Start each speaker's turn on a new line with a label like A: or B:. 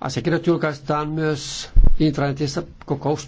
A: Asiakirjat julkaistaan myös intranetissä kokous